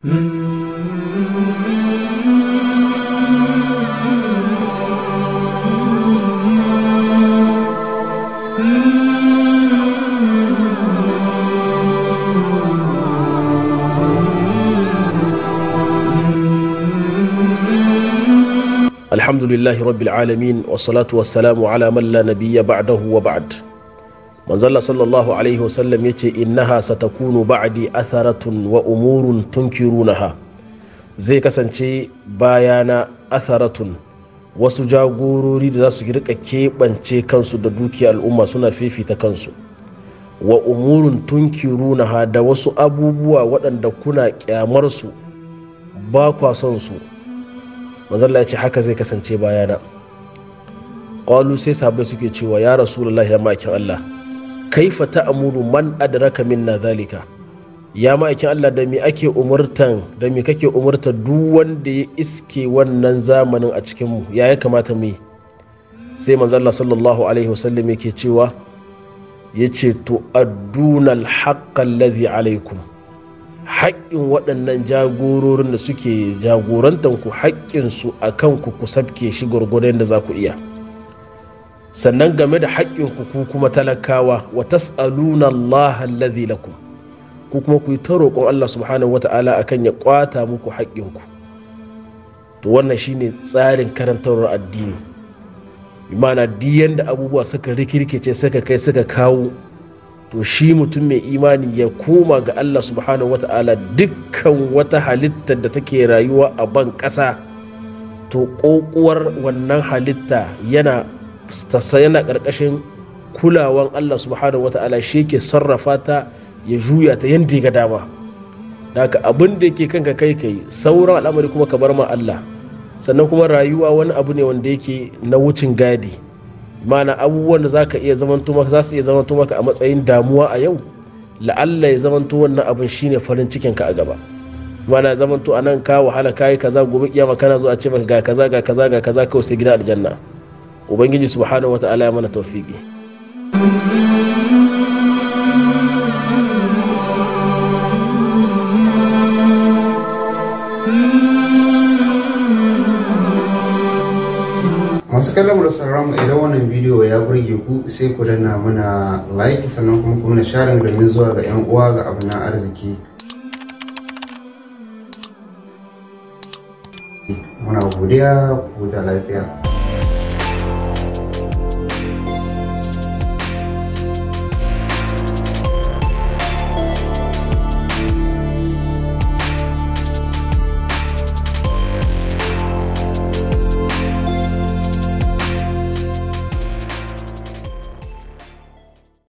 الحمد لله رب العالمين والصلاة والسلام على من لا نبي بعده وبعد manzalla sallallahu alaihi wasallam ya ce innaha satakunu ba'di atharatun wa umurun tunkirunaha zai kasance bayana atharatun wasu jagorori da za su rika keɓance kansu da dukiya al'umma suna fifita kansu wa umurun tunkirunaha da wasu abubuwa waɗanda kuna kyamarsu ba kwa su manzalla ya ce haka zai kasance bayana ƙwalu sai sabai suke cewa ya rasu lallahi ya makin allah kaifa ta'muru man adraka minna zalika ya ma'aikin Allah da me ake umurtan da me kake umurta duk wanda ya iske wannan zamanin a cikin mu ya kamata mu yi sai manzo Allah sallallahu alaihi wasallam yake cewa yace to adduna alhaqqa alladhi alaikum haƙƙin waɗannan jagororin da suke jagorantanku haƙƙinsu a kanku ku sabke shi gwargwadon da za ku iya sannan game da haƙƙin ku kuma talakawa wa tas'aluna Allah alladhi lakum ku kuma ku ta roƙon Allah subhanahu wata'ala akan ya ƙwata muku haƙƙin ku to wannan shine tsarin karantarwar addini imana diyan da abubuwa suka rikirkice suka kai suka kawo to shi mutum mai imani ya koma ga Allah subhanahu wata'ala dukkan wata halitta da take rayuwa a ban ƙasa to ƙoƙuwar wannan halitta yana yana ƙarƙashin kulawan Allah subhanahu wata'ala shi yake sarrafa ta ya juya ta yadda ya ga dama ka abin da yake kanka kai kai sauran al'amari kuma ka bar ma Allah sannan kuma rayuwa wani abu ne wanda yake na wucin gadi mana abubuwan da za ka iya zaman maka za su iya zamanto ka a matsayin damuwa a yau la'alla ya zamanto wannan abin ne farin cikin ka a gaba mana a anan ka wahala kai kaza gobe kiyama kana zuwa ce maka ga kaza ga kaza ga kaza kawai sai gida aljanna ubangiji subhanahu wata'ala ya mana taufiki masu kallon da sauran idan wannan bidiyo ya burge ku sai ku danna muna like sannan kuma kuma na share domin zuwa ga 'yan uwa ga abuna arziki muna godiya ku da lafiya